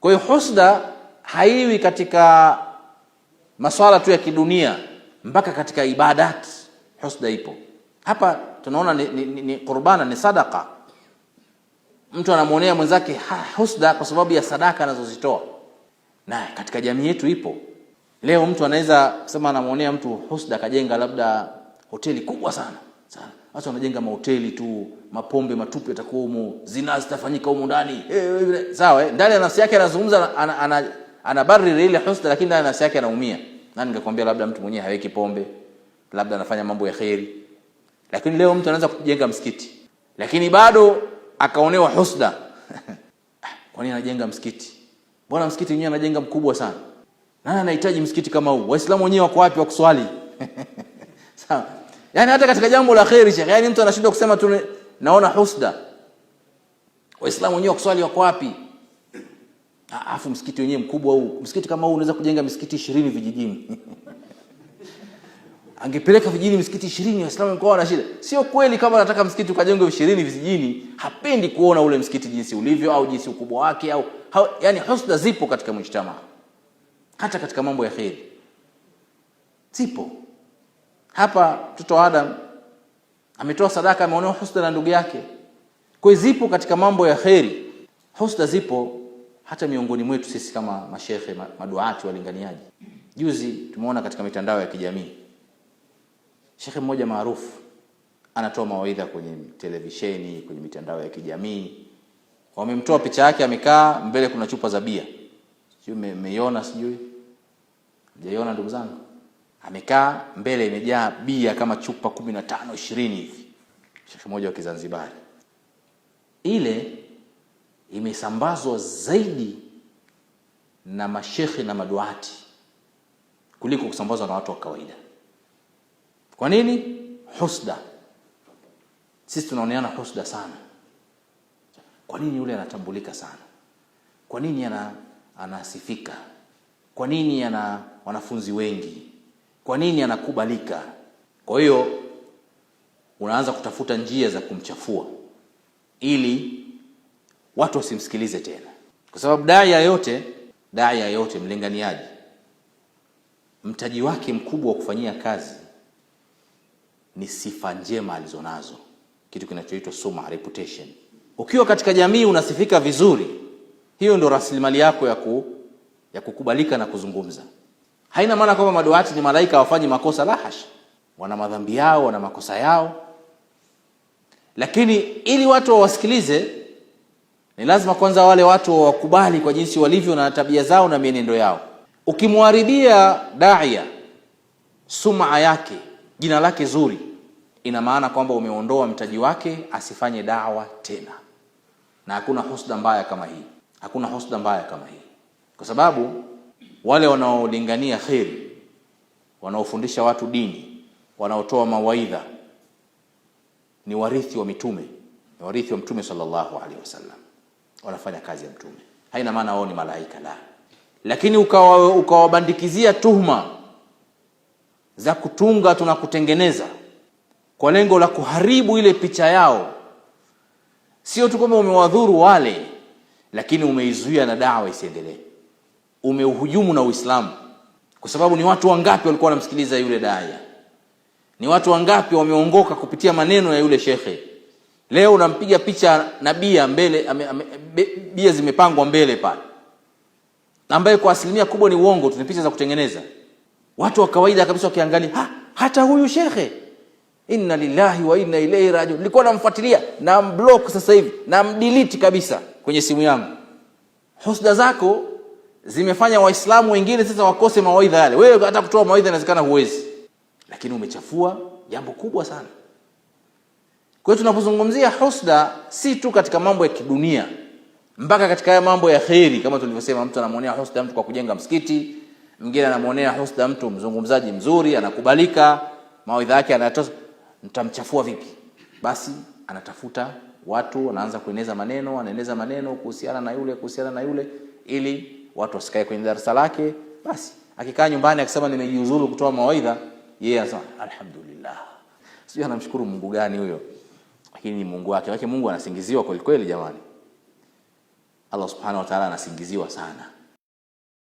Kwa hiyo husda haiwi katika masuala tu ya kidunia, mpaka katika ibadati husda ipo. Hapa tunaona ni, ni, ni qurbana, ni sadaka. Mtu anamwonea mwenzake husda kwa sababu ya sadaka anazozitoa, na katika jamii yetu ipo leo. Mtu anaweza kusema anamwonea mtu husda, kajenga labda hoteli kubwa sana sana Acha wanajenga mahoteli tu, mapombe matupu yatakuwa humo, zinaa zitafanyika humo ndani. Eh, sawa eh, ndani ya nafsi yake anazungumza ana, ana, anabariri ile husna lakini ndani ya nafsi yake anaumia. Na ningekwambia labda mtu mwenyewe haweki pombe, labda anafanya mambo ya kheri. Lakini leo mtu anaweza kujenga msikiti, lakini bado akaonewa husda. Kwa nini anajenga msikiti? Bwana msikiti wenyewe anajenga mkubwa sana. Nani anahitaji msikiti kama huu? Waislamu wenyewe wako wapi wa kuswali? Sawa. Yaani hata katika jambo la khairi shekhe, yani mtu anashindwa kusema tu naona husda. Waislamu wenyewe kuswali wako wapi? Ah, Afu msikiti wenyewe mkubwa huu. Msikiti kama huu unaweza kujenga misikiti 20 vijijini. Angepeleka vijijini misikiti 20 Waislamu wako wana shida. Sio kweli kama anataka msikiti ukajengwe 20 vijijini, hapendi kuona ule msikiti jinsi ulivyo au jinsi ukubwa wake au ha, yani husda zipo katika mshtama Hata katika mambo ya khairi Zipo. Hapa mtoto wa Adam ametoa sadaka, ameonewa husda na ndugu yake. Kwa zipo katika mambo ya kheri, husda zipo hata miongoni mwetu sisi kama mashehe, maduati, walinganiaji. Juzi tumeona katika mitandao ya kijamii shekhe mmoja maarufu anatoa mawaidha kwenye televisheni, kwenye mitandao ya kijamii wamemtoa picha yake, amekaa mbele, kuna chupa za bia. Sijui mmeiona, sijui mjaiona, ndugu zangu amekaa mbele, imejaa bia kama chupa kumi na tano ishirini hivi, shekhe mmoja wa Kizanzibari. Ile imesambazwa zaidi na mashekhe na maduati kuliko kusambazwa na watu wa kawaida. Kwa nini? Husda. Sisi tunaoneana husda sana. Kwa nini yule anatambulika sana? Kwa nini ana anasifika? Kwa nini ana wanafunzi wengi? Kwa nini anakubalika? Kwa hiyo unaanza kutafuta njia za kumchafua ili watu wasimsikilize tena, kwa sababu dai yote dai yote mlinganiaji mtaji wake mkubwa wa kufanyia kazi ni sifa njema alizonazo, kitu kinachoitwa suma, reputation. Ukiwa katika jamii unasifika vizuri, hiyo ndo rasilimali yako ya, ku, ya kukubalika na kuzungumza. Haina maana kwamba maduati ni malaika hawafanyi makosa, la wana madhambi yao, wana makosa yao, lakini ili watu wawasikilize ni lazima kwanza wale watu wawakubali kwa jinsi walivyo na tabia zao na mienendo yao. Ukimwaribia daia suma yake jina lake zuri, ina maana kwamba umeondoa mtaji wake asifanye dawa tena, na hakuna husda mbaya kama hii, hakuna husda mbaya kama hii, kwa sababu wale wanaolingania kheri, wanaofundisha watu dini, wanaotoa mawaidha ni warithi wa mitume, ni warithi wa Mtume sallallahu alaihi wasallam, wanafanya kazi ya Mtume. Haina maana wao ni malaika, la. Lakini ukawabandikizia ukawa tuhuma za kutunga, tunakutengeneza kwa lengo la kuharibu ile picha yao. Sio tu kwamba umewadhuru wale, lakini umeizuia na dawa isiendelee umeuhujumu na Uislamu, kwa sababu ni watu wangapi walikuwa wanamsikiliza yule daya? Ni watu wangapi wameongoka kupitia maneno ya yule shekhe? Leo unampiga picha na bia mbele ame, ame, be, bia zimepangwa mbele pale, ambaye kwa asilimia kubwa ni uongo tu, ni picha za kutengeneza. Watu wa kawaida kabisa wakiangalia, ha, hata huyu shekhe inna lillahi wa inna ilaihi rajiun. Nilikuwa namfuatilia na mblock, sasa hivi na mdelete kabisa kwenye simu yangu. Husda zako zimefanya Waislamu wengine sasa wakose mawaidha yale. Wewe hata kutoa mawaidha inawezekana huwezi, lakini umechafua jambo kubwa sana. Kwa hiyo tunapozungumzia husda, si tu katika mambo ya kidunia, mpaka katika haya mambo ya kheri. Kama tulivyosema, mtu anamwonea husda mtu kwa kujenga msikiti, mwingine anamwonea husda mtu mzungumzaji mzuri, anakubalika, mawaidha yake anayatoa, ntamchafua vipi? Basi anatafuta watu, wanaanza kueneza maneno, anaeneza maneno kuhusiana na yule, kuhusiana na yule, ili watu wasikae kwenye darasa lake. Basi akikaa nyumbani akisema nimejiuzuru kutoa mawaidha, yeye yeah, anasema alhamdulillah. Sijui anamshukuru Mungu gani huyo, lakini ni Mungu wake. Lakini Mungu anasingiziwa kwelikweli jamani. Allah subhanahu wataala anasingiziwa sana.